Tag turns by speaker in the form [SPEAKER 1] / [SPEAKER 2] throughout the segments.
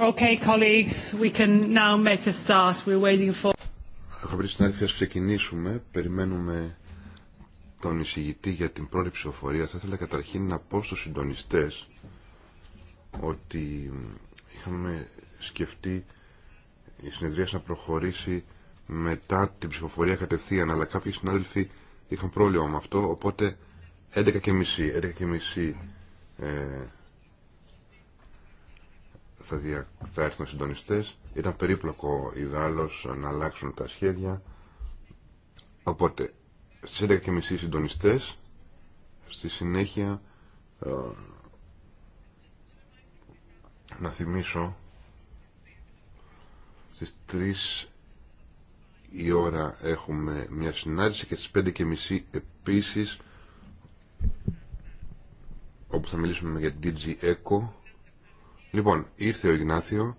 [SPEAKER 1] Okay, colleagues, we can now make a start. We're waiting for...
[SPEAKER 2] Αγαπητοί συνάδελφοι, ας ξεκινήσουμε. Περιμένουμε τον εισηγητή για την πρώτη ψηφοφορία. Θα ήθελα καταρχήν να πω στους συντονιστές ότι είχαμε σκεφτεί η συνεδρία να προχωρήσει μετά την ψηφοφορία κατευθείαν, αλλά κάποιοι συνάδελφοι είχαν πρόβλημα με αυτό, οπότε 11.30 11 ε, θα, έρθουν οι συντονιστές. Ήταν περίπλοκο ιδάλλως να αλλάξουν τα σχέδια. Οπότε, στις 11.30 οι συντονιστές, στη συνέχεια ε, να θυμίσω στις 3 η ώρα έχουμε μια συνάντηση και στις 5.30 επίσης όπου θα μιλήσουμε για DG Echo Λοιπόν, ήρθε ο Ιγνάθιο,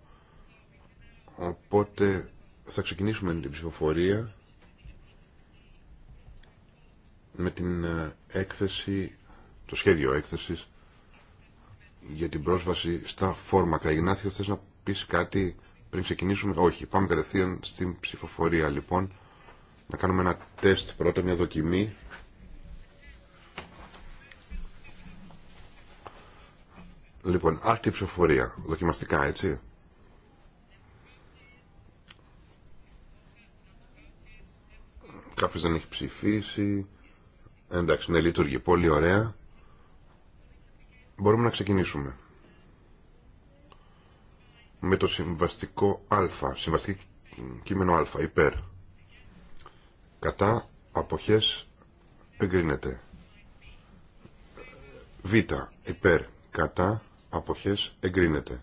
[SPEAKER 2] οπότε θα ξεκινήσουμε την ψηφοφορία με την ε, έκθεση, το σχέδιο έκθεσης για την πρόσβαση στα φόρμακα. Ιγνάθιο, θες να πεις κάτι πριν ξεκινήσουμε. Όχι, πάμε κατευθείαν στην ψηφοφορία λοιπόν. Να κάνουμε ένα τεστ πρώτα, μια δοκιμή. Λοιπόν, άρτη ψηφοφορία. Δοκιμαστικά, έτσι. Κάποιος δεν έχει ψηφίσει. Εντάξει, ναι, λειτουργεί. Πολύ ωραία. Μπορούμε να ξεκινήσουμε. Με το συμβαστικό α, συμβαστικό κείμενο α, υπέρ. Κατά αποχές εγκρίνεται. Β, υπέρ, κατά αποχές εγκρίνεται.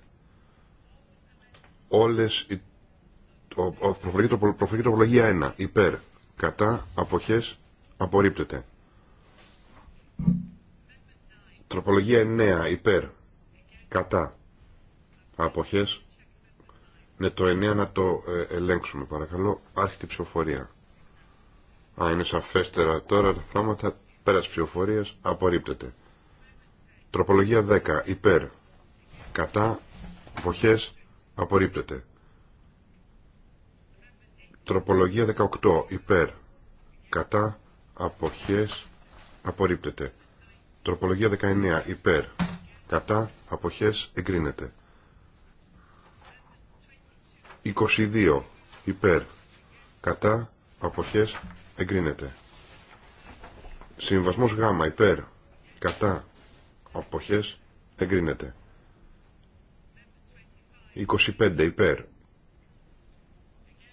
[SPEAKER 2] Όλες οι... Προφορική τροπολογία 1. Υπέρ. Κατά. Αποχές. Απορρίπτεται. Τροπολογία 9. Υπέρ. Κατά. Αποχές. Ναι, το 9 να το ε, ελέγξουμε παρακαλώ. Άρχιτη ψηφοφορία. Α, είναι σαφέστερα τώρα τα πράγματα. Πέρας ψηφοφορίας. Απορρίπτεται. Τροπολογία 10. Υπέρ. Κατά. Αποχές. Απορρίπτεται. Τροπολογία 18. Υπέρ. Κατά. Αποχές. Απορρίπτεται. Τροπολογία 19. Υπέρ. Κατά. Αποχές. Εγκρίνεται. 22. Υπέρ. Κατά. Αποχές. Εγκρίνεται. Συμβασμός Γ. Υπέρ. Κατά αποχές εγκρίνεται 25 υπέρ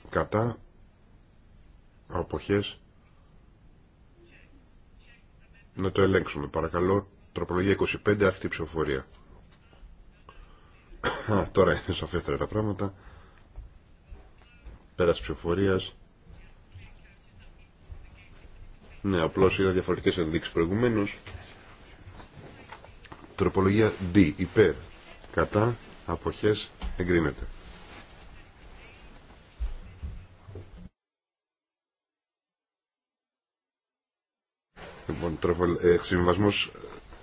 [SPEAKER 2] κατά αποχές να το ελέγξουμε παρακαλώ τροπολογία 25 άρχιτη ψηφοφορία τώρα είναι σαφέστερα τα πράγματα πέρας ψηφοφορίας ναι, απλώς είδα διαφορετικές ενδείξεις προηγουμένως. Τροπολογία D. Υπέρ. Κατά. Αποχές. Εγκρίνεται. Λοιπόν, ε, συμβασμός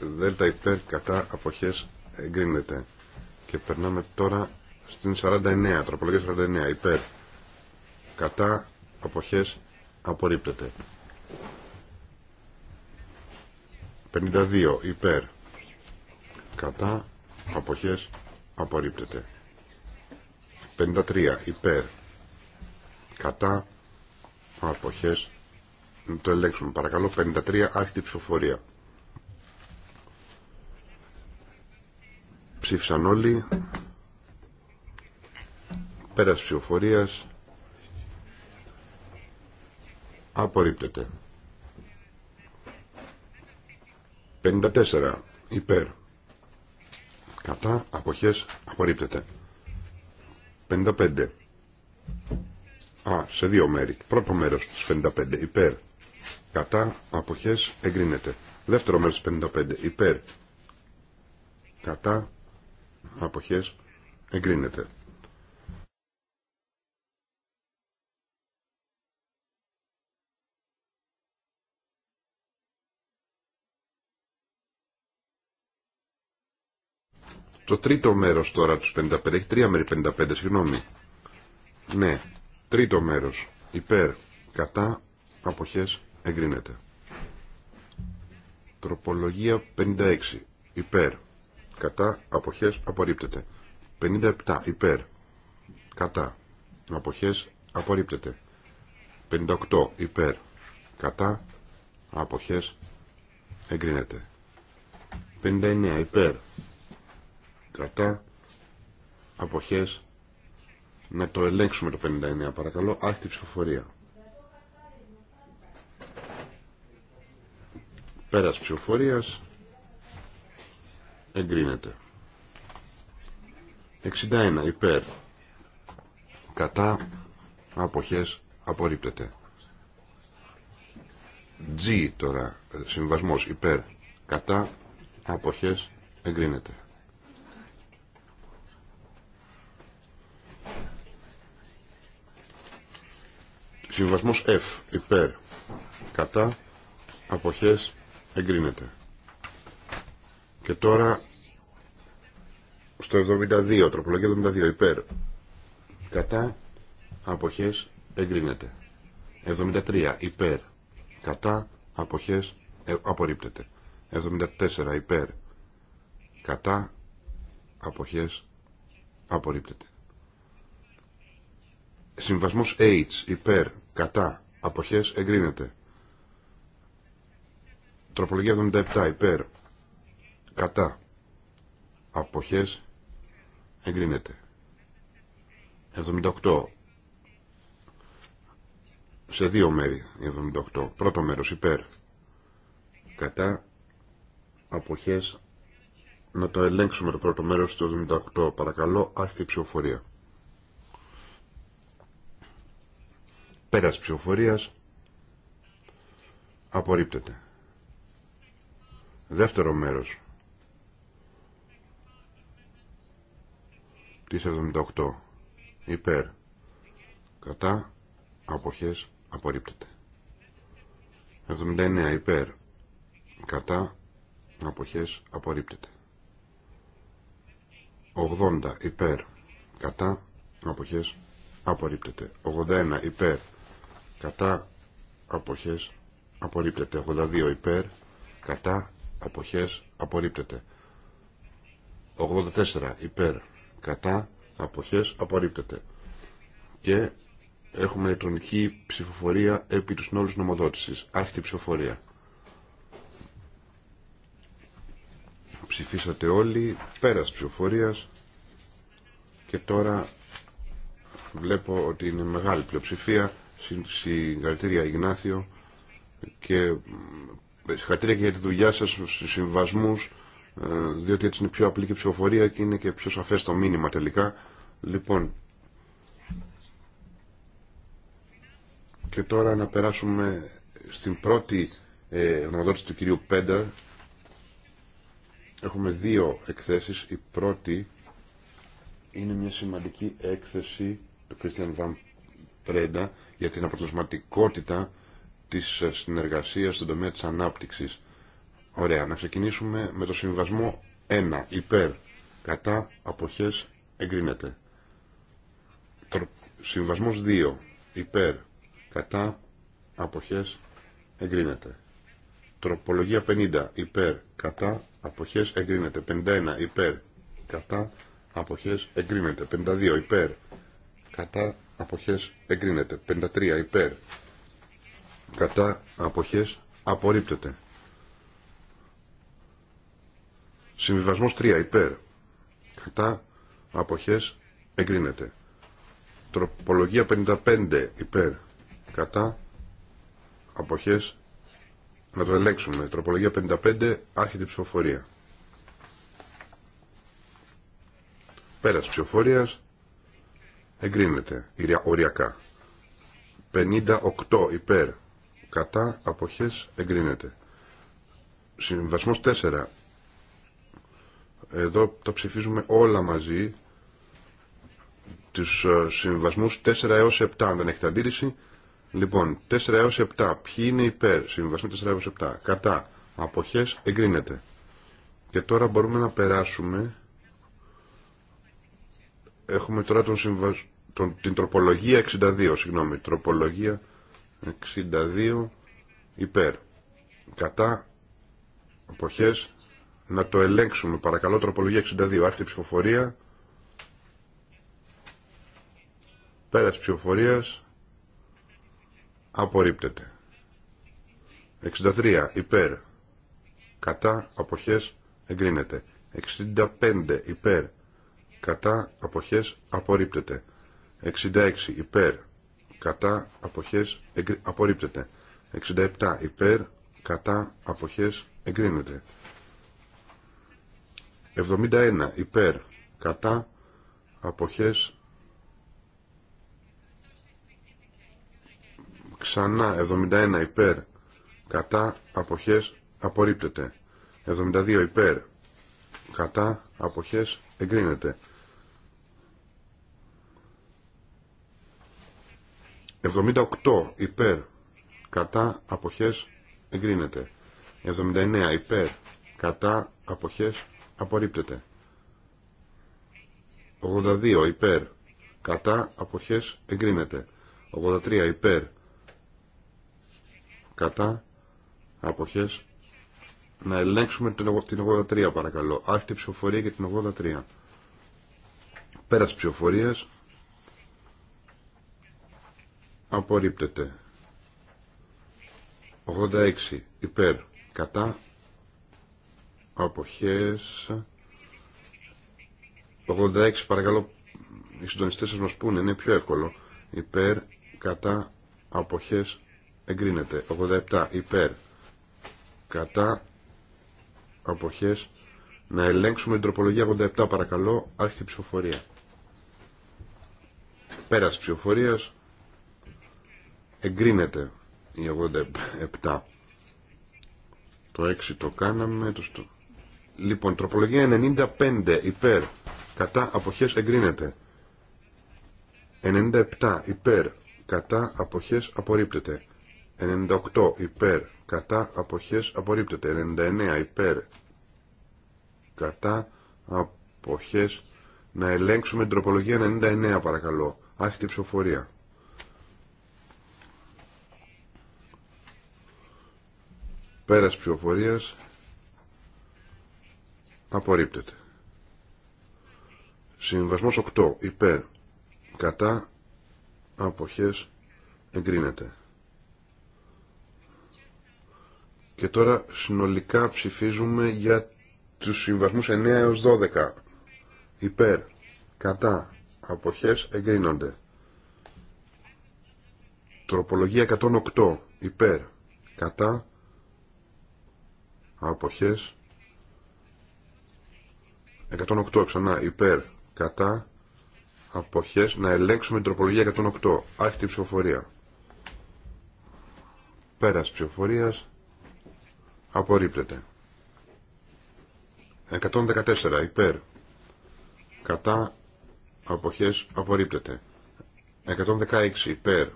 [SPEAKER 2] ε, δέλτα υπέρ κατά αποχές εγκρίνεται. Και περνάμε τώρα στην 49, τροπολογία 49, υπέρ κατά αποχές απορρίπτεται. 52, υπέρ κατά αποχές απορρίπτεται 53 υπέρ κατά αποχές το ελέγξουμε παρακαλώ 53 άρχιτη ψηφοφορία ψήφισαν όλοι πέρας ψηφοφορίας απορρίπτεται 54 υπέρ Κατά αποχές απορρίπτεται. 55. Α, σε δύο μέρη. Πρώτο μέρος 55. Υπέρ. Κατά αποχές εγκρίνεται. Δεύτερο μέρος της 55. Υπέρ. Κατά αποχές εγκρίνεται. Το τρίτο μέρος τώρα του 55, έχει τρία μέρη 55, συγγνώμη. Ναι, τρίτο μέρος, υπέρ, κατά, αποχές, εγκρίνεται. Τροπολογία 56, υπέρ, κατά, αποχές, απορρίπτεται. 57, υπέρ, κατά, αποχές, απορρίπτεται. 58, υπέρ, κατά, αποχές, εγκρίνεται. 59, υπέρ, κατά αποχές να το ελέγξουμε το 59 παρακαλώ άχτη ψηφοφορία πέρας ψηφοφορίας εγκρίνεται 61 υπέρ κατά αποχές απορρίπτεται G τώρα ε, συμβασμός υπέρ κατά αποχές εγκρίνεται Συμβασμός F. Υπέρ. Κατά. Αποχές. Εγκρίνεται. Και τώρα στο 72. Τροπολογία 72. Υπέρ. Κατά. Αποχές. Εγκρίνεται. 73. Υπέρ. Κατά. Αποχές. Ε, απορρίπτεται. 74. Υπέρ. Κατά. Αποχές. Απορρίπτεται. Συμβασμός H. Υπέρ κατά, αποχές, εγκρίνεται. Τροπολογία 77, υπέρ, κατά, αποχές, εγκρίνεται. 78, σε δύο μέρη, 78. Πρώτο μέρος, υπέρ, κατά, αποχές, να το ελέγξουμε το πρώτο μέρος του 78. Παρακαλώ, άρχιτε ψηφοφορία. Πέρας ψηφοφορίας. Απορρίπτεται. Δεύτερο μέρος. μέρο. 78. Υπέρ. Κατά. Αποχές. Απορρίπτεται. 79. Υπέρ. Κατά. Αποχές. Απορρίπτεται. 80. Υπέρ. Κατά. Αποχές. Απορρίπτεται. 81. Υπέρ κατά αποχές απορρίπτεται 82 υπέρ κατά αποχές απορρίπτεται 84 υπέρ κατά αποχές απορρίπτεται και έχουμε ηλεκτρονική ψηφοφορία επί του συνόλου νομοδότησης άρχιτη ψηφοφορία ψηφίσατε όλοι πέρας ψηφοφορίας και τώρα βλέπω ότι είναι μεγάλη πλειοψηφία Συγχαρητήρια Ιγνάθιο και συγχαρητήρια και για τη δουλειά σας στους συμβασμούς ε, διότι έτσι είναι πιο απλή και ψηφοφορία και είναι και πιο σαφές το μήνυμα τελικά. Λοιπόν, και τώρα να περάσουμε στην πρώτη ε, του κυρίου Πέντα. Έχουμε δύο εκθέσεις. Η πρώτη είναι μια σημαντική έκθεση του Christian Van για την αποτελεσματικότητα της συνεργασίας στον τομέα της ανάπτυξης. Ωραία, να ξεκινήσουμε με το συμβασμό 1. Υπέρ, κατά, αποχές, εγκρίνεται. Συμβασμός 2. Υπέρ, κατά, αποχές, εγκρίνεται. Τροπολογία 50. Υπέρ, κατά, αποχές, εγκρίνεται. 51. Υπέρ, κατά, αποχές, εγκρίνεται. 52. Υπέρ, κατά, αποχές εγκρίνεται. 53 υπέρ κατά αποχές απορρίπτεται. Συμβιβασμός 3 υπέρ κατά αποχές εγκρίνεται. Τροπολογία 55 υπέρ κατά αποχές να το ελέγξουμε. Τροπολογία 55 άρχεται ψηφοφορία. Πέρας ψηφοφορίας εγκρίνεται οριακά. 58 υπέρ κατά αποχές εγκρίνεται. Συμβασμός 4. Εδώ τα ψηφίζουμε όλα μαζί. Τους ε, συμβασμούς 4 έως 7 αν δεν έχετε αντίρρηση. Λοιπόν, 4 έως 7. Ποιοι είναι υπέρ. Συμβασμοί 4 έως 7. Κατά. Αποχές εγκρίνεται. Και τώρα μπορούμε να περάσουμε. Έχουμε τώρα τον συμβασμό τον, την τροπολογία 62, συγγνώμη, τροπολογία 62 υπέρ. Κατά αποχές να το ελέγξουμε. Παρακαλώ τροπολογία 62, άρχιτε ψηφοφορία. Πέρας ψηφοφορίας απορρίπτεται. 63 υπέρ. Κατά αποχές εγκρίνεται. 65 υπέρ. Κατά αποχές απορρίπτεται. 66 υπέρ κατά αποχές απορρίπτεται 67 υπέρ κατά αποχές εγκρίνεται 71 υπέρ κατά αποχές ξανά 71 υπέρ κατά αποχές απορρίπτεται 72 υπέρ κατά αποχές εγκρίνεται 78 υπέρ κατά αποχές εγκρίνεται 79 υπέρ κατά αποχές απορρίπτεται 82 υπέρ κατά αποχές εγκρίνεται 83 υπέρ κατά αποχές να ελέγξουμε την 83 παρακαλώ άρχιτε ψηφοφορία για την 83 πέρας ψηφοφορίας απορρίπτεται 86 υπέρ κατά αποχές 86 παρακαλώ οι συντονιστές σας μας πούνε είναι πιο εύκολο υπέρ κατά αποχές εγκρίνεται 87 υπέρ κατά αποχές να ελέγξουμε την τροπολογία 87 παρακαλώ άρχιτη ψηφοφορία πέρας ψηφοφορίας Εγκρίνεται η 87. Το 6 το κάναμε. Το στο... Λοιπόν, τροπολογία 95 υπέρ. Κατά αποχές εγκρίνεται. 97 υπέρ. Κατά αποχές απορρίπτεται. 98 υπέρ. Κατά αποχές απορρίπτεται. 99 υπέρ. Κατά αποχές να ελέγξουμε την τροπολογία 99 παρακαλώ. Άχτη ψηφοφορία. Πέρας ψηφοφορίας απορρίπτεται. Συμβασμός 8 υπέρ κατά αποχές εγκρίνεται. Και τώρα συνολικά ψηφίζουμε για τους συμβασμούς 9 έως 12. Υπέρ, κατά, αποχές εγκρίνονται. Τροπολογία 108. Υπέρ, κατά, αποχές 108 ξανά υπέρ κατά αποχές να ελέγξουμε την τροπολογία 108 άρχιτη ψηφοφορία πέρας ψηφοφορίας απορρίπτεται 114 υπέρ κατά αποχές απορρίπτεται 116 υπέρ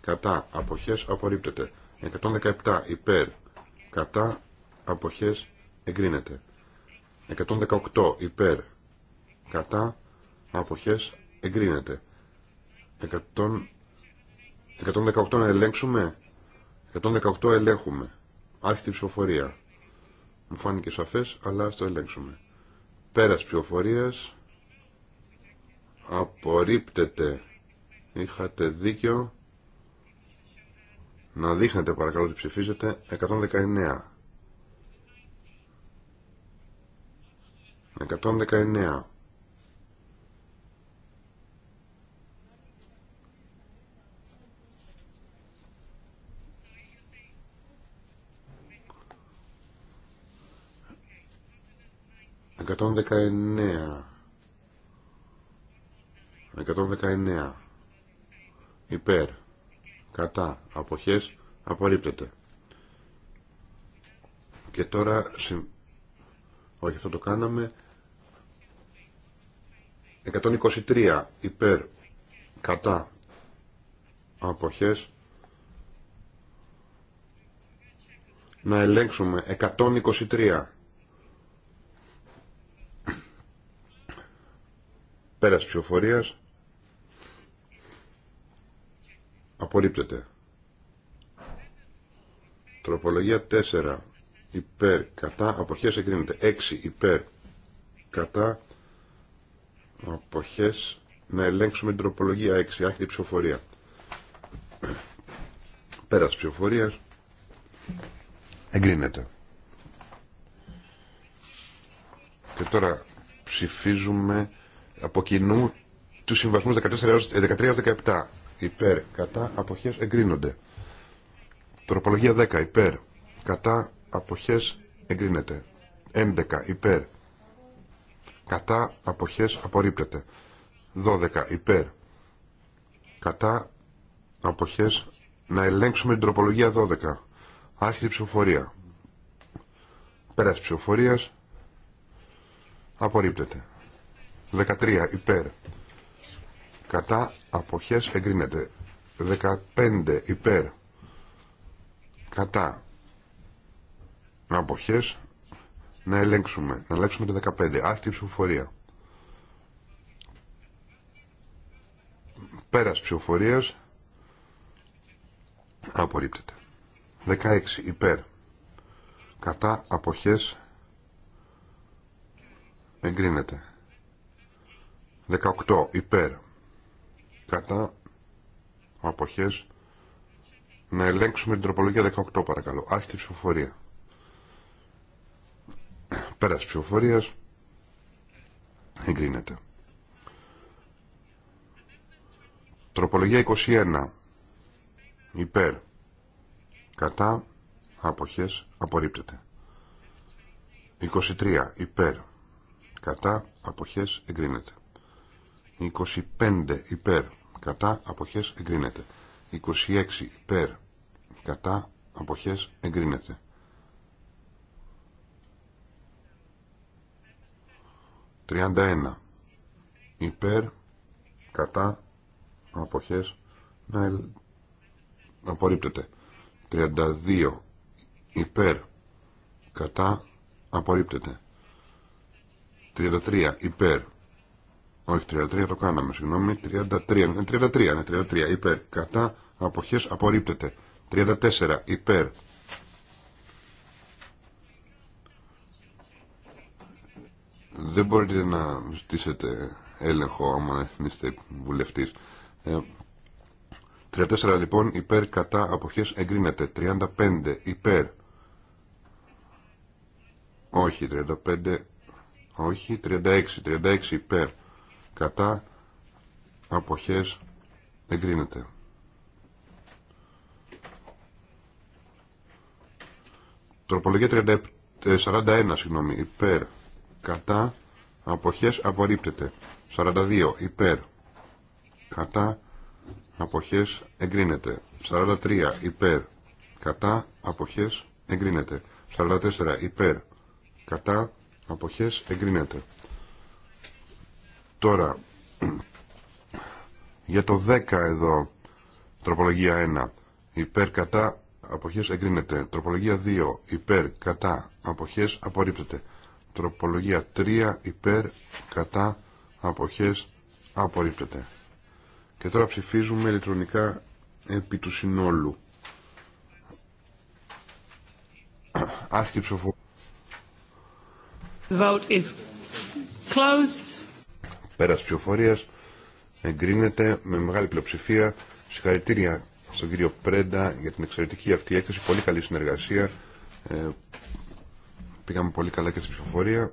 [SPEAKER 2] κατά αποχές απορρίπτεται 117 υπέρ κατά αποχές εγκρίνεται 118 υπέρ κατά αποχές εγκρίνεται 118 να ελέγξουμε 118 ελέγχουμε άρχιτη ψηφοφορία μου φάνηκε σαφές αλλά ας το ελέγξουμε πέρας ψηφοφορίας απορρίπτεται είχατε δίκιο να δείχνετε παρακαλώ ότι ψηφίζετε 119 119. 119 δεκαεννέα. Υπέρ. Κατά. Αποχές. Απορρίπτεται. Και τώρα... Όχι, αυτό το κάναμε. 123 υπέρ κατά αποχές να ελέγξουμε 123 πέρας ψηφοφορίας απορρίπτεται τροπολογία 4 υπέρ κατά αποχές εγκρίνεται 6 υπέρ κατά αποχές να ελέγξουμε την τροπολογία 6 άρχιτη ψηφοφορία πέρας ψηφοφορίας εγκρίνεται και τώρα ψηφίζουμε από κοινού του συμβασμού 13-17 υπέρ κατά αποχές εγκρίνονται τροπολογία 10 υπέρ κατά αποχές εγκρίνεται 11 υπέρ κατά αποχές απορρίπτεται 12 υπέρ κατά αποχές να ελέγξουμε την τροπολογία 12 άρχισε ψηφοφορία πέρας ψηφοφορίας απορρίπτεται 13 υπέρ κατά αποχές εγκρίνεται 15 υπέρ κατά αποχές να ελέγξουμε. Να ελέγξουμε το 15. η ψηφοφορία. Πέρας ψηφοφορίας απορρίπτεται. 16 υπέρ. Κατά αποχές εγκρίνεται. 18 υπέρ. Κατά αποχές να ελέγξουμε την τροπολογία 18 παρακαλώ. η ψηφοφορία. Πέρας ψηφοφορίας εγκρίνεται. Τροπολογία 21. Υπέρ. Κατά. Αποχές. Απορρίπτεται. 23. Υπέρ. Κατά. Αποχές. Εγκρίνεται. 25. Υπέρ. Κατά. Αποχές. Εγκρίνεται. 26. Υπέρ. Κατά. Αποχές. Εγκρίνεται. 31 υπέρ κατά αποχές να απορρίπτεται 32 υπέρ κατά απορρίπτεται 33 υπέρ όχι 33 το κάναμε συγγνώμη 33 είναι 33, 33 υπέρ κατά αποχές απορρίπτεται 34 υπέρ δεν μπορείτε να ζητήσετε έλεγχο άμα εθνίστε βουλευτής. 34 ε, λοιπόν υπέρ κατά αποχές εγκρίνεται. 35 υπέρ. Όχι 35. Όχι 36. 36 υπέρ κατά αποχές εγκρίνεται. Τροπολογία 41 ε, συγγνώμη, υπέρ κατά αποχές απορρίπτεται 42 υπέρ κατά αποχές εγκρίνεται 43 υπέρ κατά αποχές εγκρίνεται 44 υπέρ κατά αποχές εγκρίνεται τώρα για το 10 εδώ τροπολογία 1 υπέρ κατά αποχές εγκρίνεται τροπολογία 2 υπέρ κατά αποχές απορρίπτεται Τροπολογία 3 υπέρ κατά αποχές απορρίπτεται. Και τώρα ψηφίζουμε ηλεκτρονικά επί του συνόλου. Άρχιτη ψηφοφορία.
[SPEAKER 1] Vote is closed.
[SPEAKER 2] Πέρας ψηφοφορίας εγκρίνεται με μεγάλη πλειοψηφία. Συγχαρητήρια στον κύριο Πρέντα για την εξαιρετική αυτή έκθεση. Πολύ καλή συνεργασία. Ε, Πήγαμε πολύ καλά και στην ψηφοφορία.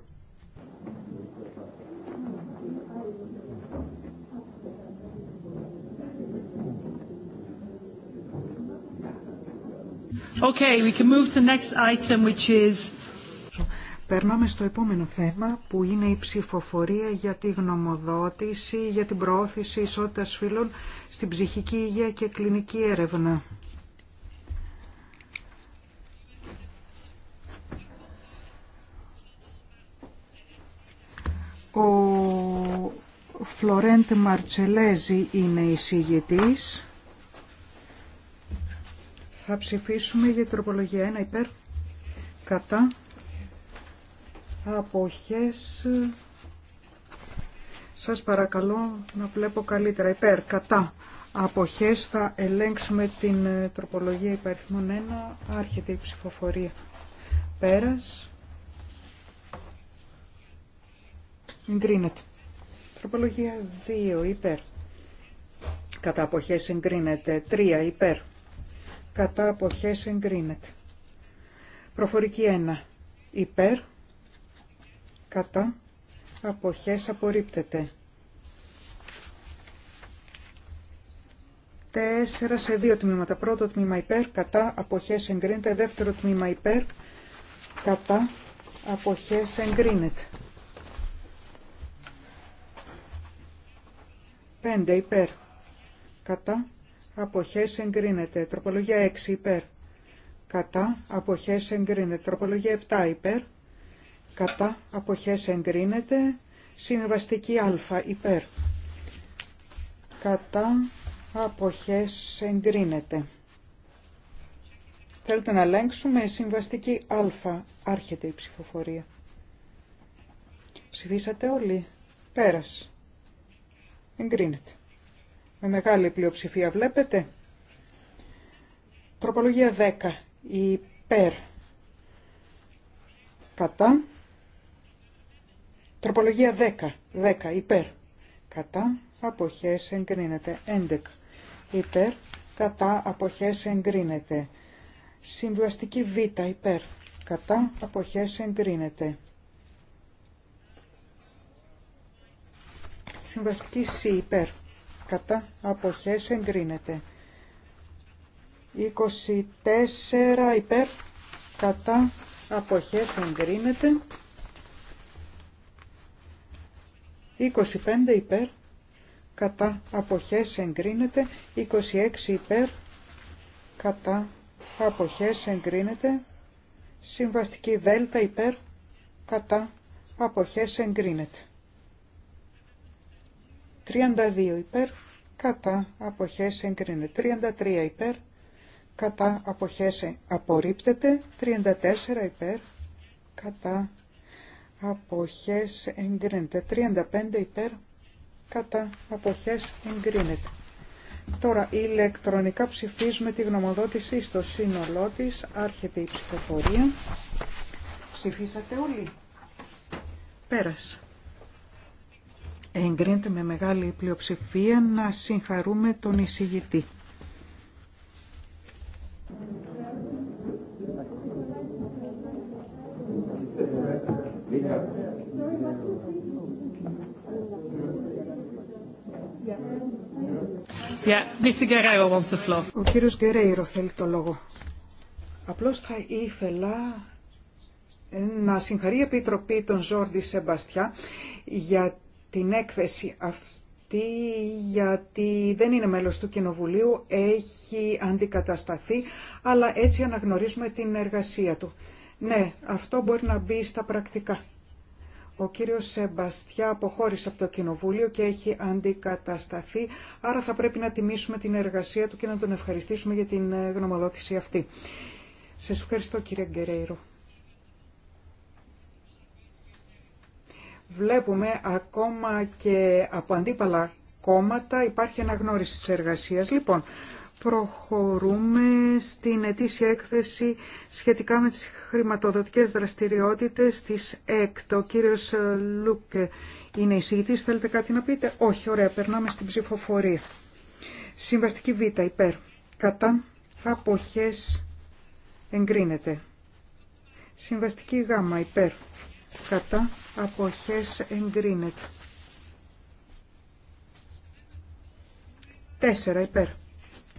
[SPEAKER 1] Okay, we can move to the next item, which is... Περνάμε στο επόμενο θέμα που είναι η ψηφοφορία για τη γνωμοδότηση για την προώθηση ισότητας φύλων στην ψυχική υγεία και κλινική έρευνα. Ο Φλωρέντ Μαρτσελέζη είναι εισηγητής. Θα ψηφίσουμε για τροπολογία 1 υπέρ κατά αποχές. Σας παρακαλώ να βλέπω καλύτερα υπέρ κατά αποχές. Θα ελέγξουμε την ε, τροπολογία υπαριθμών 1. Άρχεται η ψηφοφορία. Πέρας. Εγκρίνεται. Τροπολογία 2 υπέρ. Κατά αποχέ εγκρίνεται. 3 υπέρ. Κατά αποχές εγκρίνεται. Προφορική 1 υπέρ. Κατά αποχές απορρίπτεται. 4 σε δύο τμήματα. Πρώτο τμήμα υπέρ. Κατά αποχές εγκρίνεται. Δεύτερο τμήμα υπέρ. Κατά αποχές εγκρίνεται. 5 υπέρ. Κατά αποχές εγκρίνεται. Τροπολογία 6 υπέρ. Κατά αποχές εγκρίνεται. Τροπολογία 7 υπέρ. Κατά αποχές εγκρίνεται. Συμβαστική α υπέρ. Κατά αποχές εγκρίνεται. Θέλετε να ελέγξουμε συμβαστική α. Άρχεται η ψηφοφορία. Ψηφίσατε όλοι. Πέρασε. Εγκρίνεται. Με μεγάλη πλειοψηφία βλέπετε. Τροπολογία 10. Υπέρ. Κατά. Τροπολογία 10. 10. Υπέρ. Κατά. Αποχές εγκρίνεται. 11. Υπέρ. Κατά. Αποχές εγκρίνεται. Συμβιβαστική Β. Υπέρ. Κατά. Αποχές εγκρίνεται. Συμβαστική C υπέρ. Κατά αποχές εγκρίνεται. 24 υπέρ. Κατά αποχές εγκρίνεται. 25 υπέρ. Κατά αποχές εγκρίνεται. 26 υπέρ. Κατά αποχές εγκρίνεται. Συμβαστική δέλτα υπέρ. Κατά αποχές εγκρίνεται. 32 υπέρ, κατά αποχές εγκρίνεται. 33 υπέρ, κατά αποχές ε, απορρίπτεται. 34 υπέρ, κατά αποχές εγκρίνεται. 35 υπέρ, κατά αποχές εγκρίνεται. Τώρα ηλεκτρονικά ψηφίζουμε τη γνωμοδότηση στο σύνολό της. Άρχεται η ψηφοφορία. Ψηφίσατε όλοι. Πέρασε εγκρίνεται με μεγάλη πλειοψηφία να συγχαρούμε τον εισηγητή. Ο κύριος Γκερέιρο θέλει το λόγο. Απλώς θα ήθελα ε, να συγχαρεί η Επιτροπή των Ζόρντι Σεμπαστιά για την έκθεση αυτή γιατί δεν είναι μέλος του Κοινοβουλίου, έχει αντικατασταθεί, αλλά έτσι αναγνωρίζουμε την εργασία του. Ναι, αυτό μπορεί να μπει στα πρακτικά. Ο κύριος Σεμπαστιά αποχώρησε από το Κοινοβούλιο και έχει αντικατασταθεί, άρα θα πρέπει να τιμήσουμε την εργασία του και να τον ευχαριστήσουμε για την ε, γνωμοδότηση αυτή. Σας ευχαριστώ κύριε Γκερέιρο. Βλέπουμε ακόμα και από αντίπαλα κόμματα υπάρχει αναγνώριση της εργασίας. Λοιπόν, προχωρούμε στην ετήσια έκθεση σχετικά με τις χρηματοδοτικές δραστηριότητες της ΕΚΤΟ. Ο κύριος Λούκε είναι εισηγητής. Θέλετε κάτι να πείτε? Όχι, ωραία, περνάμε στην ψηφοφορία. Συμβαστική Β, υπέρ. Κατά αποχές εγκρίνεται. Συμβαστική Γ, υπέρ κατά αποχές εγκρίνεται. 4 υπέρ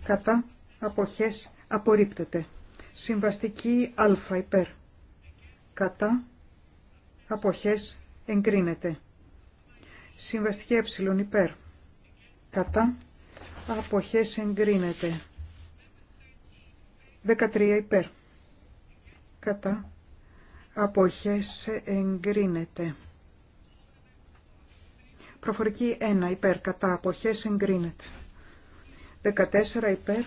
[SPEAKER 1] κατά αποχές απορρίπτεται. Συμβαστική α υπέρ κατά αποχές εγκρίνεται. Συμβαστική ε υπέρ κατά αποχές εγκρίνεται. 13 υπέρ κατά αποχές εγκρίνεται. Προφορική 1 υπέρ κατά αποχές εγκρίνεται. 14 υπέρ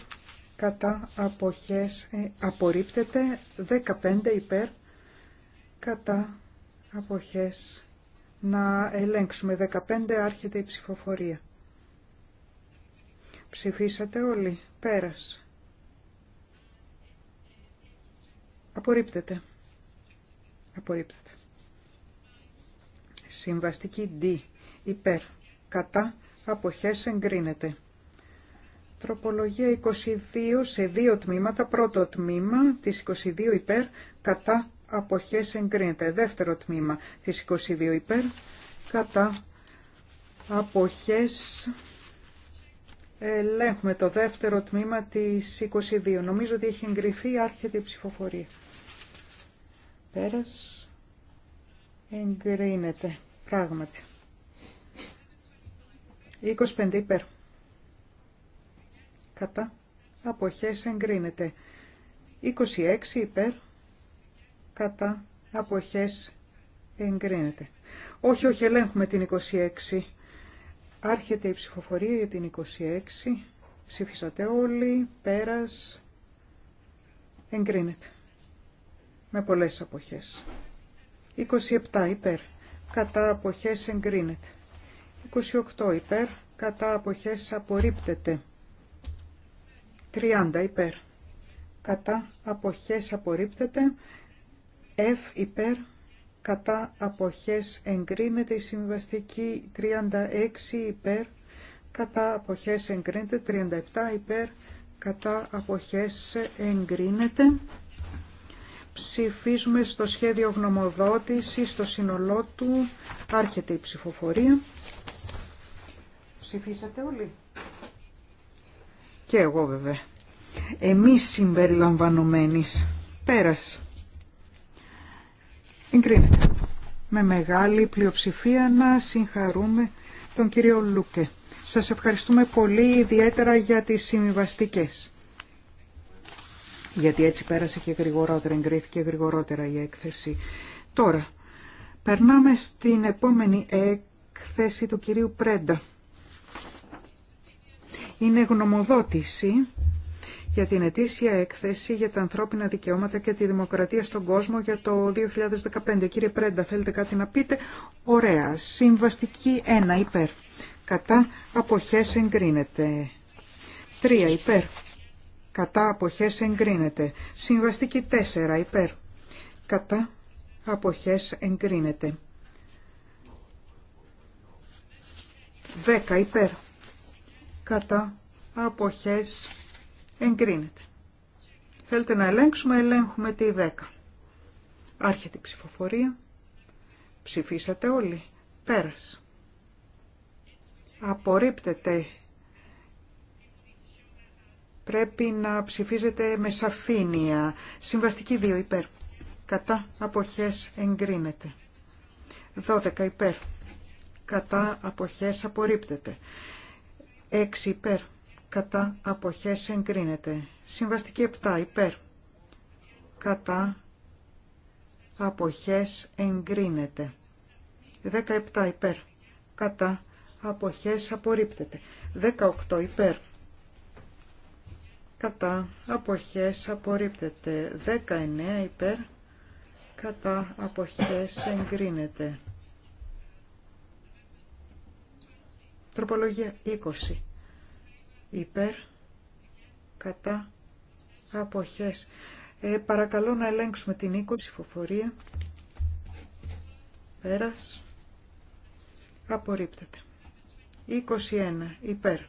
[SPEAKER 1] κατά αποχές ε, απορρίπτεται. 15 υπέρ κατά αποχές να ελέγξουμε. 15 άρχεται η ψηφοφορία. Ψηφίσατε όλοι. Πέρας. Απορρίπτεται. Απορρίπτεται. Συμβαστική D. Υπέρ. Κατά. Αποχές εγκρίνεται. Τροπολογία 22 σε δύο τμήματα. Πρώτο τμήμα της 22 υπέρ. Κατά. Αποχές εγκρίνεται. Δεύτερο τμήμα της 22 υπέρ. Κατά. Αποχές ελέγχουμε το δεύτερο τμήμα της 22. Νομίζω ότι έχει εγκριθεί άρχεται η ψηφοφορία. Πέρας. Εγκρίνεται. Πράγματι. 25 υπέρ. Κατά. Αποχές εγκρίνεται. 26 υπέρ. Κατά. Αποχές εγκρίνεται. Όχι, όχι, ελέγχουμε την 26. Άρχεται η ψηφοφορία για την 26. Ψήφισατε όλοι. Πέρας. Εγκρίνεται με πολλές αποχές. 27 υπέρ, κατά αποχές εγκρίνεται. 28 υπέρ, κατά αποχές απορρίπτεται. 30 υπέρ, κατά αποχές απορρίπτεται. F υπέρ, κατά αποχές εγκρίνεται. Η συμβαστική 36 υπέρ, κατά αποχές εγκρίνεται. 37 υπέρ, κατά αποχές εγκρίνεται. Ψηφίζουμε στο σχέδιο γνωμοδότηση, στο σύνολό του. Άρχεται η ψηφοφορία. Ψηφίσατε όλοι. Και εγώ βέβαια. Εμείς συμπεριλαμβανομένης. Πέρας. Εγκρίνεται. Με μεγάλη πλειοψηφία να συγχαρούμε τον κύριο Λούκε. Σας ευχαριστούμε πολύ ιδιαίτερα για τις συμβιβαστικές γιατί έτσι πέρασε και γρηγορότερα, εγκρίθηκε γρηγορότερα η έκθεση. Τώρα, περνάμε στην επόμενη έκθεση του κυρίου Πρέντα. Είναι γνωμοδότηση για την ετήσια έκθεση για τα ανθρώπινα δικαιώματα και τη δημοκρατία στον κόσμο για το 2015. Κύριε Πρέντα, θέλετε κάτι να πείτε. Ωραία. Συμβαστική 1 υπέρ. Κατά αποχές εγκρίνεται. 3 υπέρ κατά αποχές εγκρίνεται. Συμβαστική 4 υπέρ, κατά αποχές εγκρίνεται. 10 υπέρ, κατά αποχές εγκρίνεται. Θέλετε να ελέγξουμε, ελέγχουμε τη 10. Άρχεται η ψηφοφορία. Ψηφίσατε όλοι. Πέρασε. Απορρίπτεται πρέπει να ψηφίζετε με σαφήνεια. Συμβαστική 2 υπέρ. Κατά αποχές εγκρίνεται. 12 υπέρ. Κατά αποχές απορρίπτεται. 6 υπέρ. Κατά αποχές εγκρίνεται. Συμβαστική 7 υπέρ. Κατά αποχές εγκρίνεται. 17 υπέρ. Κατά αποχές απορρίπτεται. 18 υπέρ κατά αποχές απορρίπτεται 19 υπέρ κατά αποχές εγκρίνεται τροπολογία 20 υπέρ κατά αποχές ε, παρακαλώ να ελέγξουμε την 20 ψηφοφορία πέρας απορρίπτεται 21 υπέρ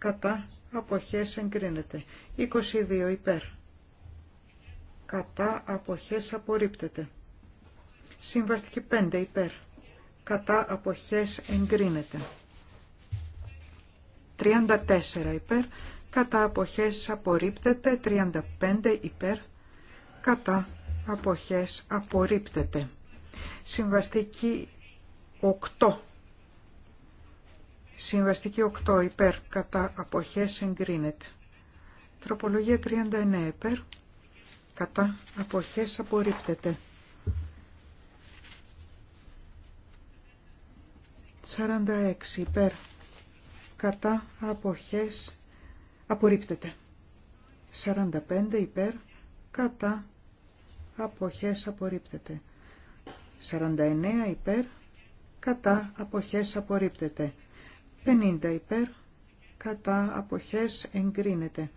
[SPEAKER 1] κατά αποχές εγκρίνεται. 22 υπέρ. Κατά αποχές απορρίπτεται. Συμβαστική 5 υπέρ. Κατά αποχές εγκρίνεται. 34 υπέρ. Κατά αποχές απορρίπτεται. 35 υπέρ. Κατά αποχές απορρίπτεται. Συμβαστική 8 Συμβαστική 8 υπέρ κατά αποχές εγκρίνεται. Τροπολογία 39 υπέρ κατά αποχές απορρίπτεται. 46 υπέρ κατά αποχές απορρίπτεται. 45 υπέρ κατά αποχές απορρίπτεται. 49 υπέρ κατά αποχές απορρίπτεται. 50 υπέρ κατά αποχές εγκρίνεται.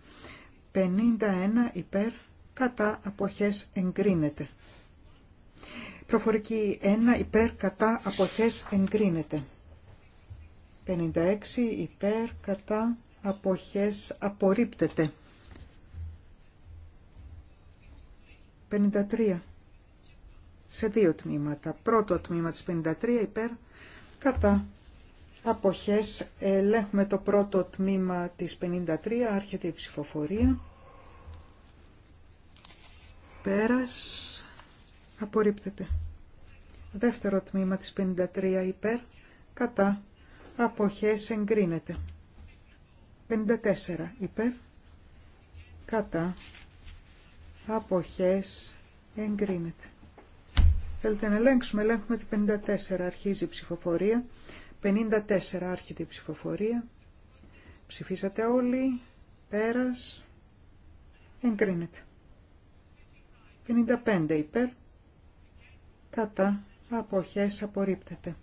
[SPEAKER 1] 51 υπέρ κατά αποχές εγκρίνεται. Προφορική 1 υπέρ κατά αποχές εγκρίνεται. 56 υπέρ κατά αποχές απορρίπτεται. 53 σε δύο τμήματα. Πρώτο τμήμα της 53 υπέρ κατά Αποχές ελέγχουμε το πρώτο τμήμα της 53, άρχεται η ψηφοφορία. Πέρας, απορρίπτεται. Δεύτερο τμήμα της 53 υπέρ, κατά, αποχές εγκρίνεται. 54 υπέρ, κατά, αποχές εγκρίνεται. Θέλετε να ελέγξουμε, ελέγχουμε την 54, αρχίζει η ψηφοφορία 54 άρχεται η ψηφοφορία. Ψηφίσατε όλοι. Πέρας. Εγκρίνεται. 55 υπέρ. Κατά. Αποχές απορρίπτεται.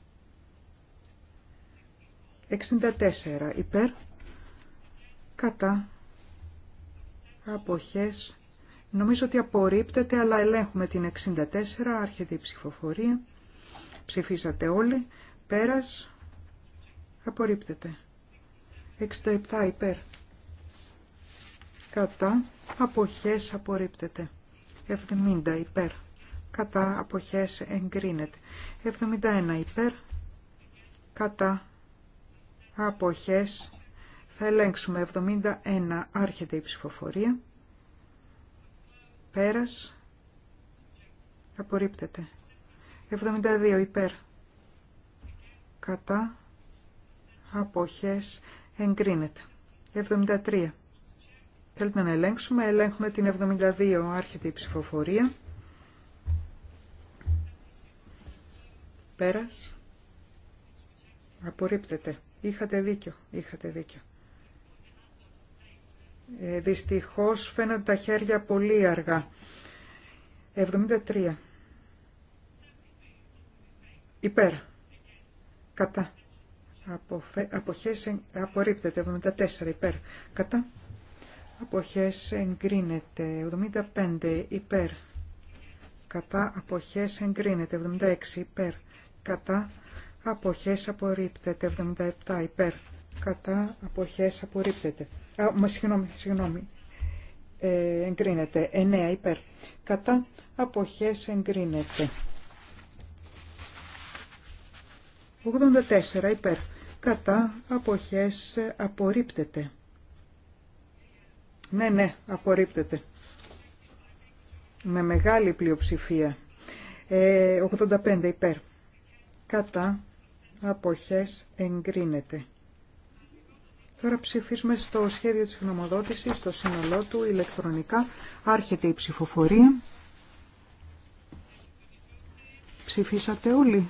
[SPEAKER 1] 64 υπέρ. Κατά. Αποχές. Νομίζω ότι απορρίπτεται, αλλά ελέγχουμε την 64. Άρχεται η ψηφοφορία. Ψηφίσατε όλοι. Πέρας απορρίπτεται. 67 υπέρ κατά αποχές απορρίπτεται. 70 υπέρ κατά αποχές εγκρίνεται. 71 υπέρ κατά αποχές θα ελέγξουμε 71 άρχεται η ψηφοφορία πέρας απορρίπτεται 72 υπέρ κατά αποχές εγκρίνεται. 73. Θέλουμε να ελέγξουμε. Ελέγχουμε την 72. Άρχεται η ψηφοφορία. Πέρας. Απορρίπτεται. Είχατε δίκιο. Είχατε δίκιο. Ε, δυστυχώς φαίνονται τα χέρια πολύ αργά. 73. Υπέρ. Κατά. Αποχές απορρίπτεται. 74 υπέρ. Κατά. Αποχές εγκρίνεται. 75 υπέρ. Κατά. Αποχές εγκρίνεται. 76 υπέρ. Κατά. Αποχές απορρίπτεται. 77 υπέρ. Κατά. Αποχές απορρίπτεται. Α, συγγνώμη, συγγνώμη. Ε, εγκρίνεται. 9 υπέρ. Κατά. Αποχές εγκρίνεται. 84 υπέρ κατά αποχές απορρίπτεται. Ναι, ναι, απορρίπτεται. Με μεγάλη πλειοψηφία. Ε, 85 υπέρ. Κατά αποχές εγκρίνεται. Τώρα ψηφίσουμε στο σχέδιο της γνωμοδότησης, στο σύνολό του, ηλεκτρονικά. Άρχεται η ψηφοφορία. Ψηφίσατε όλοι.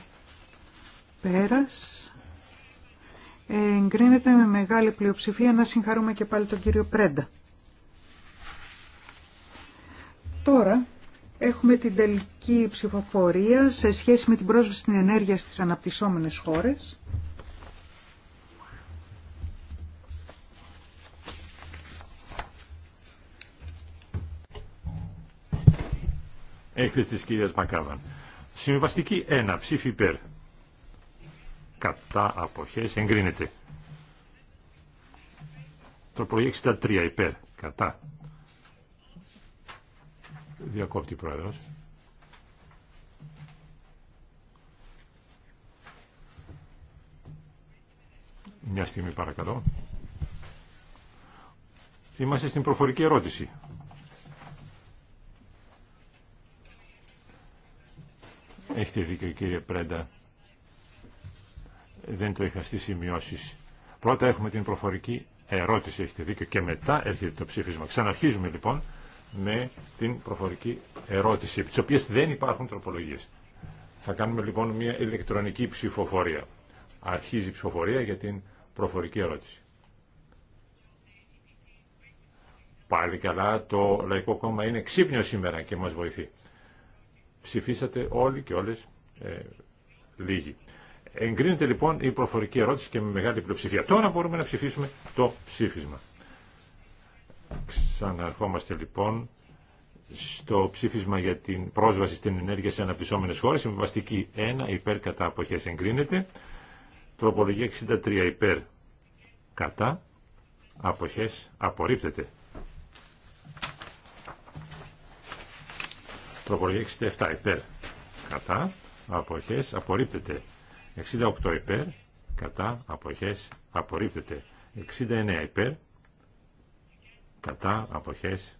[SPEAKER 1] Πέρας εγκρίνεται με μεγάλη πλειοψηφία. Να συγχαρούμε και πάλι τον κύριο Πρέντα. Τώρα έχουμε την τελική ψηφοφορία σε σχέση με την πρόσβαση στην ενέργεια στις αναπτυσσόμενες χώρες.
[SPEAKER 3] Έκθεση της κυρίας Μακάβαν. Συμβαστική 1. Ψήφι υπέρ κατά αποχές εγκρίνεται. Τροπολογία 63 υπέρ κατά. Διακόπτη πρόεδρος. Μια στιγμή παρακαλώ. Είμαστε στην προφορική ερώτηση. Έχετε δίκιο κύριε Πρέντα δεν το είχα στι σημειώσει. Πρώτα έχουμε την προφορική ερώτηση, έχετε δίκιο, και μετά έρχεται το ψήφισμα. Ξαναρχίζουμε λοιπόν με την προφορική ερώτηση, τι οποίε δεν υπάρχουν τροπολογίε. Θα κάνουμε λοιπόν μια ηλεκτρονική ψηφοφορία. Αρχίζει η ψηφοφορία για την προφορική ερώτηση. Πάλι καλά, το Λαϊκό Κόμμα είναι ξύπνιο σήμερα και μας βοηθεί. Ψηφίσατε όλοι και όλες ε, λίγοι. Εγκρίνεται λοιπόν η προφορική ερώτηση και με μεγάλη πλειοψηφία. Τώρα μπορούμε να ψηφίσουμε το ψήφισμα. Ξαναρχόμαστε λοιπόν στο ψήφισμα για την πρόσβαση στην ενέργεια σε αναπτυσσόμενες χώρες. Συμβαστική 1 υπέρ κατά αποχές εγκρίνεται. Τροπολογία 63 υπέρ κατά αποχές απορρίπτεται. Τροπολογία 67 υπέρ κατά αποχές απορρίπτεται. 68 υπέρ, κατά, αποχές, απορρίπτεται. 69 υπέρ, κατά, αποχές,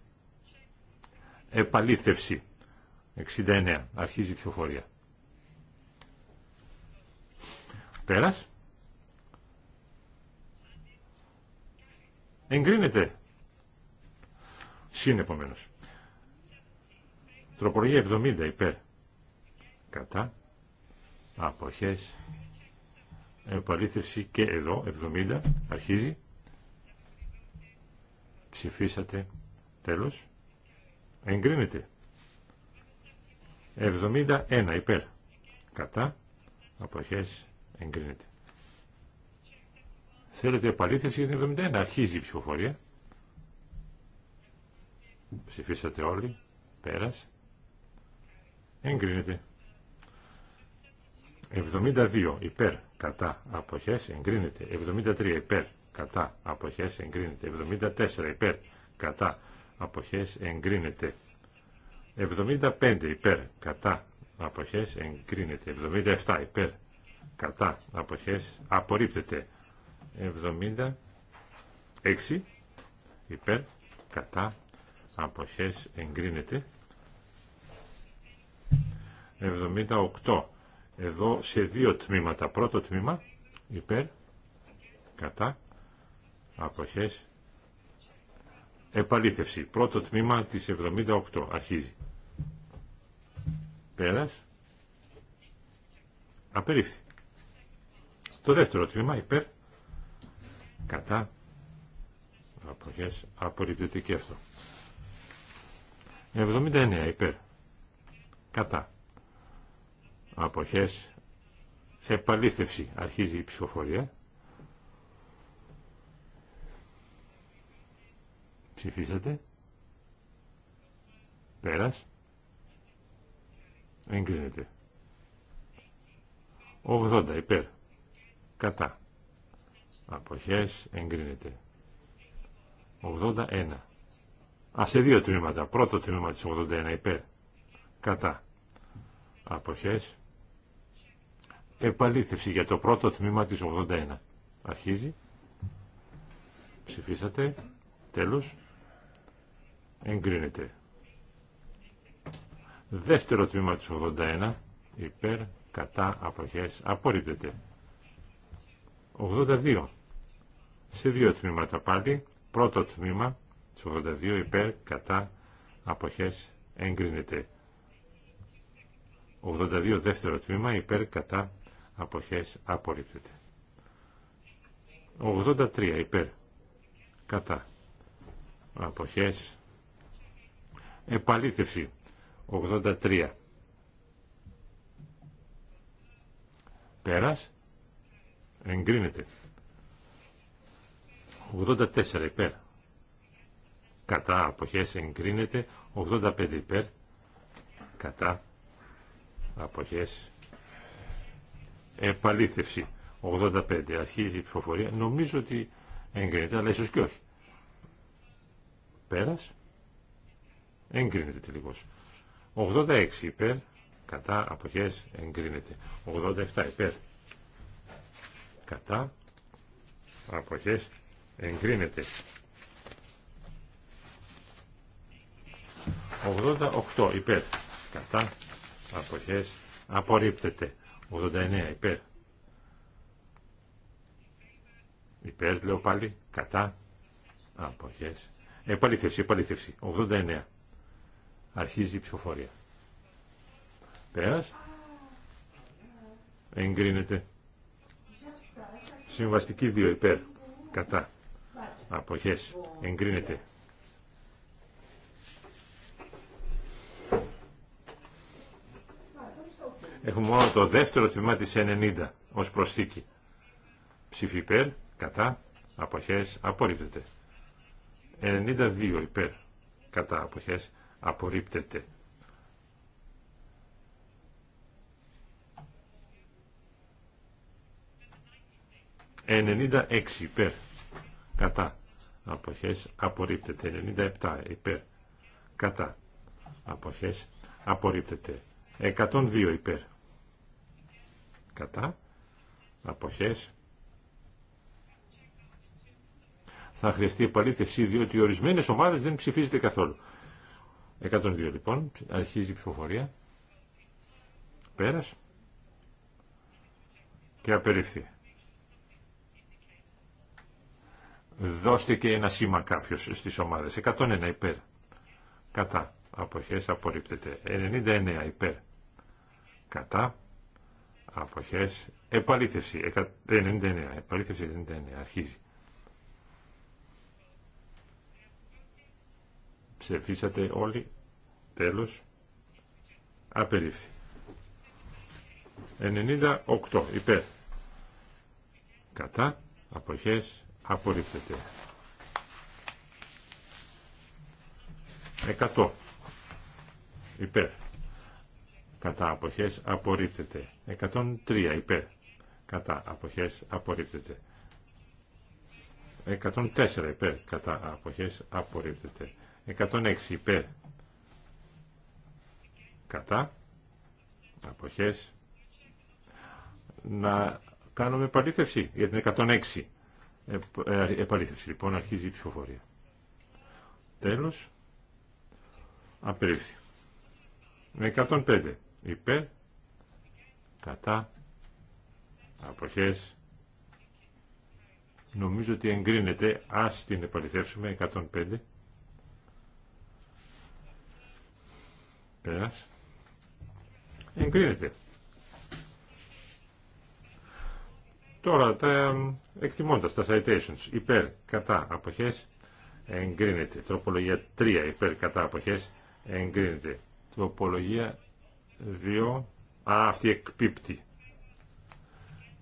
[SPEAKER 3] επαλήθευση. 69, αρχίζει η ψηφοφορία. Πέρας. Εγκρίνεται. Συν Τροπολογία 70 υπέρ. Κατά αποχές επαλήθευση και εδώ 70 αρχίζει ψηφίσατε τέλος εγκρίνεται 71 υπέρ κατά αποχές εγκρίνεται θέλετε επαλήθευση για την 71 αρχίζει η ψηφοφορία ψηφίσατε όλοι πέρας εγκρίνεται 72 υπέρ κατά αποχές εγκρίνεται. 73 υπέρ κατά αποχές εγκρίνεται. 74 υπέρ κατά αποχές εγκρίνεται. 75 υπέρ κατά αποχές εγκρίνεται. 77 υπέρ κατά αποχές απορρίπτεται. 76 υπέρ κατά αποχές εγκρίνεται. 78 εδώ σε δύο τμήματα. Πρώτο τμήμα υπέρ, κατά, αποχές, επαλήθευση. Πρώτο τμήμα της 78 αρχίζει. Πέρας, απερίφθη. Το δεύτερο τμήμα υπέρ, κατά, αποχές, απορριπτωτική και αυτό. 79 υπέρ, κατά, αποχές επαλήθευση αρχίζει η ψηφοφορία ψηφίσατε πέρας εγκρίνεται 80 υπέρ κατά αποχές εγκρίνεται 81 Α, σε δύο τμήματα. Πρώτο τμήμα της 81 υπέρ. Κατά. Αποχές επαλήθευση για το πρώτο τμήμα της 81. Αρχίζει. Ψηφίσατε. Τέλος. Εγκρίνεται. Δεύτερο τμήμα της 81. Υπέρ, κατά, αποχές. Απορρίπτεται. 82. Σε δύο τμήματα πάλι. Πρώτο τμήμα της 82. Υπέρ, κατά, αποχές. Εγκρίνεται. 82 δεύτερο τμήμα υπέρ κατά αποχές απορρίπτεται. 83 υπέρ κατά αποχές επαλήθευση 83 πέρας εγκρίνεται 84 υπέρ κατά αποχές εγκρίνεται 85 υπέρ κατά αποχές επαλήθευση 85 αρχίζει η ψηφοφορία νομίζω ότι εγκρίνεται αλλά ίσως και όχι πέρας εγκρίνεται τελικώς 86 υπέρ κατά αποχές εγκρίνεται 87 υπέρ κατά αποχές εγκρίνεται 88 υπέρ κατά αποχές απορρίπτεται 89 υπέρ. Υπέρ λέω πάλι. Κατά. Αποχές. Επαλήθευση, επαλήθευση. 89. Αρχίζει η ψηφοφορία. Πέρας. Εγκρίνεται. Συμβαστική 2 υπέρ. Κατά. Αποχές. Εγκρίνεται. Έχουμε μόνο το δεύτερο τμήμα της 90 ως προσθήκη. Ψήφι υπέρ, κατά, αποχές, απορρίπτεται. 92 υπέρ, κατά, αποχές, απορρίπτεται. ...96 υπέρ... ...κατά... ...αποχές απορρίπτεται... ...97 υπέρ... ...κατά... ...αποχές απορρίπτεται... ...102 υπέρ κατά, αποχές. Θα χρειαστεί επαλήθευση διότι ορισμένες ομάδες δεν ψηφίζεται καθόλου. 102 λοιπόν, αρχίζει η ψηφοφορία. Πέρας. Και απεριφθεί. Δώστε και ένα σήμα κάποιος στις ομάδες. 101 υπέρ. Κατά. Αποχές απορρίπτεται. 99 υπέρ. Κατά αποχές, επαλήθευση, 99, ε, επαλήθευση 99, αρχίζει. Ψεφίσατε όλοι, τέλος, απερίφθη. 98, υπέρ, κατά, αποχές, απορρίφθεται. 100, υπέρ, κατά αποχές απορρίπτεται. 103 υπέρ κατά αποχές απορρίπτεται. 104 υπέρ κατά αποχές απορρίπτεται. 106 υπέρ κατά αποχές να κάνουμε επαλήθευση για την 106 ε, επαλήθευση λοιπόν αρχίζει η ψηφοφορία τέλος απερίφθη 105 υπέρ, κατά, αποχές, νομίζω ότι εγκρίνεται, ας την επαληθεύσουμε, 105, πέρας, εγκρίνεται. Τώρα τα εκτιμώντα τα citations υπέρ κατά αποχές εγκρίνεται. Τροπολογία 3 υπέρ κατά αποχές εγκρίνεται. Τροπολογία 2. Α, αυτή εκπίπτει.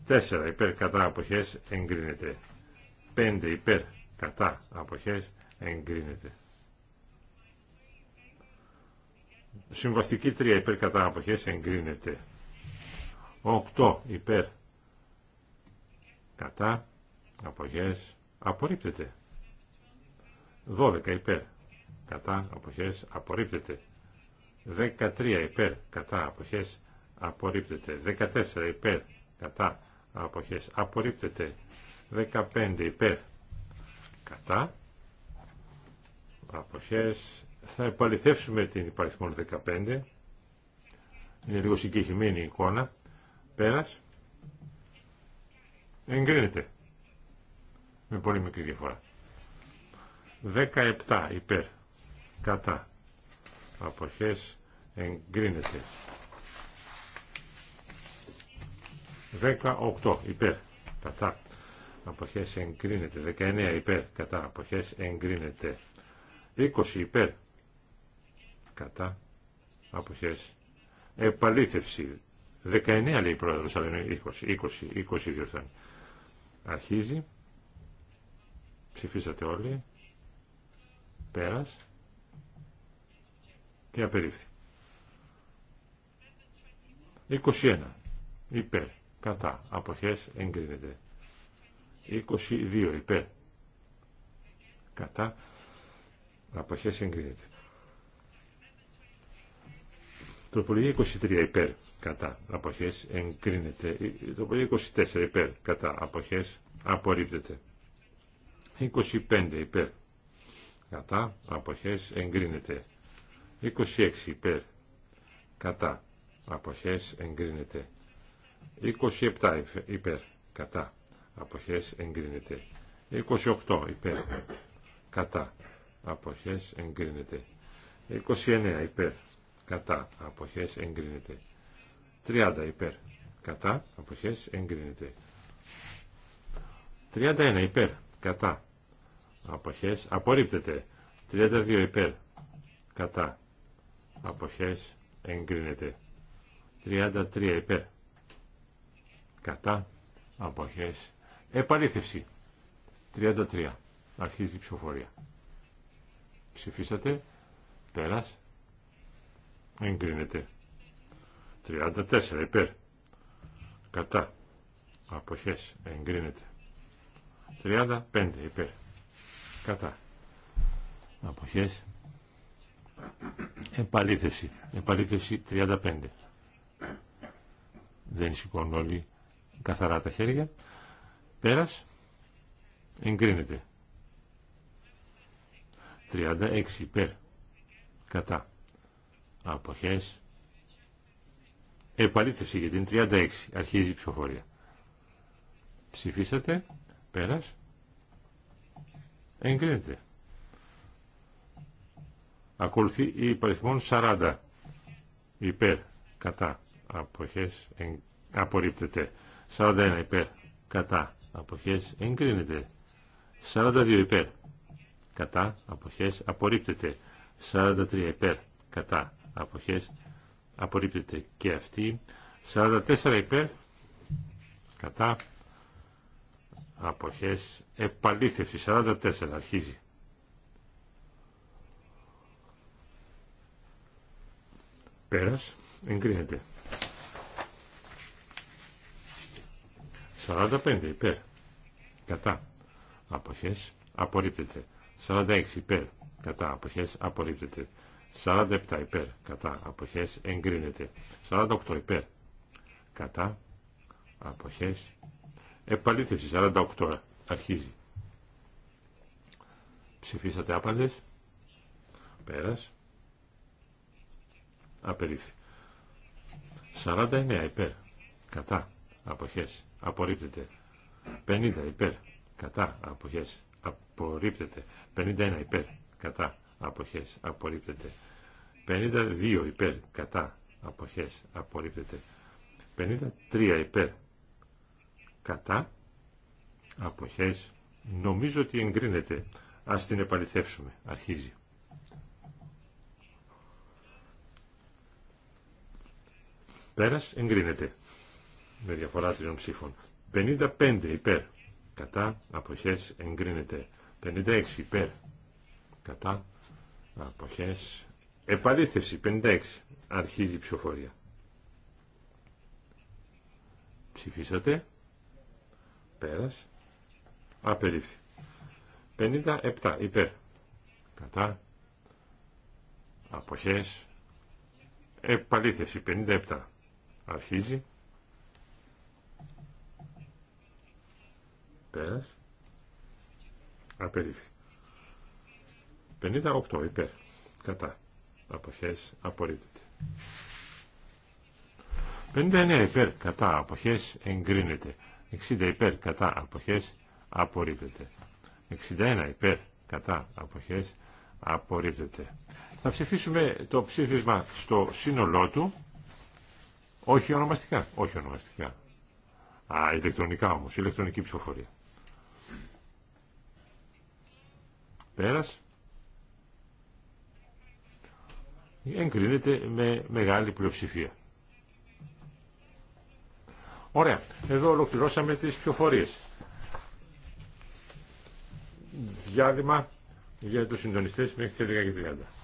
[SPEAKER 3] 4 υπέρ κατά αποχές εγκρίνεται. 5 υπέρ κατά αποχές εγκρίνεται. Συμβαστική 3 υπέρ κατά αποχές εγκρίνεται. 8 υπέρ κατά αποχές απορρίπτεται. 12 υπέρ κατά αποχές απορρίπτεται. 13 υπέρ κατά αποχές απορρίπτεται. 14 υπέρ κατά αποχές απορρίπτεται. 15 υπέρ κατά αποχές. Θα επαληθεύσουμε την υπαριθμόν 15. Είναι λίγο συγκεχημένη η εικόνα. Πέρας. Εγκρίνεται. Με πολύ μικρή διαφορά. 17 υπέρ κατά αποχές εγκρίνεται 18 υπέρ κατά αποχές εγκρίνεται 19 υπέρ κατά αποχές εγκρίνεται 20 υπέρ κατά αποχές επαλήθευση 19 λέει η πρόεδρος αλλά είναι 20 20, 20 διορθώνει αρχίζει ψηφίσατε όλοι πέρας και απερίφθη. 21. Υπέρ. Κατά. Αποχές εγκρίνεται. 22. Υπέρ. Κατά. Αποχές εγκρίνεται. Τροπολογία 23 υπέρ κατά αποχές εγκρίνεται. Τροπολογία 24 υπέρ κατά αποχές απορρίπτεται. 25 υπέρ κατά αποχές εγκρίνεται. 26 υπέρ κατά αποχές εγκρίνεται 27 υπέρ κατά αποχές εγκρίνεται 28 υπέρ κατά αποχές εγκρίνεται 29 υπέρ κατά αποχές εγκρίνεται 30 υπέρ κατά αποχές εγκρίνεται 31 υπέρ κατά αποχές απορρίπτεται 32 υπέρ κατά αποχές εγκρίνεται 33 υπέρ κατά αποχές επαλήθευση 33 αρχίζει η ψηφοφορία ψηφίσατε πέρας εγκρίνεται 34 υπέρ κατά αποχές εγκρίνεται 35 υπέρ κατά αποχές Επαλήθευση. Επαλήθευση 35. Δεν σηκώνουν όλοι καθαρά τα χέρια. Πέρας. Εγκρίνεται. 36 υπέρ. Κατά. Αποχές. Επαλήθευση γιατί είναι 36. Αρχίζει η ψηφοφορία. Ψηφίσατε. Πέρας. Εγκρίνεται. Ακολουθεί η υπαριθμόν 40 υπέρ κατά αποχές απορρίπτεται. 41 υπέρ κατά αποχές εγκρίνεται. 42 υπέρ κατά αποχές απορρίπτεται. 43 υπέρ κατά αποχές απορρίπτεται και αυτή. 44 υπέρ κατά αποχές επαλήθευση. 44 αρχίζει. Πέρας. Εγκρίνεται. 45 υπέρ. Κατά. Αποχές. Απορρίπτεται. 46 υπέρ. Κατά. Αποχές. Απορρίπτεται. 47 υπέρ. Κατά. Αποχές. Εγκρίνεται. 48 υπέρ. Κατά. Αποχές. Επαλήθευση. 48 αρχίζει. Ψηφίσατε άπαντες. Πέρας. Απερίφθη. 49 υπέρ. Κατά. Αποχές. Απορρίπτεται. 50 υπέρ. Κατά. Αποχές. Απορρίπτεται. 51 υπέρ. Κατά. Αποχές. Απορρίπτεται. 52 υπέρ. Κατά. Αποχές. Απορρίπτεται. 53 υπέρ. Κατά. Αποχές. Νομίζω ότι εγκρίνεται. Ας την επαληθεύσουμε. Αρχίζει. Πέρας εγκρίνεται με διαφορά τριών ψήφων. 55 υπέρ. Κατά αποχές εγκρίνεται. 56 υπέρ. Κατά αποχές. Επαλήθευση 56. Αρχίζει η ψηφοφορία. Ψηφίσατε. Πέρας. Απερίφθη. 57 υπέρ. Κατά. Αποχές. Επαλήθευση 57. Αρχίζει. Πέρας. Απερίφθη. 58 υπέρ. Κατά. Αποχές απορρίπτεται. 59 υπέρ. Κατά. Αποχές εγκρίνεται. 60 υπέρ. Κατά. Αποχές απορρίπτεται. 61 υπέρ. Κατά. Αποχές απορρίπτεται. Θα ψηφίσουμε το ψήφισμα στο σύνολό του. Όχι ονομαστικά. Όχι ονομαστικά. Α, ηλεκτρονικά όμως. Ηλεκτρονική ψηφοφορία. Πέρας. Εγκρίνεται με μεγάλη πλειοψηφία. Ωραία. Εδώ ολοκληρώσαμε τις ψηφοφορίες. Διάδημα για τους συντονιστές μέχρι τις 11.30.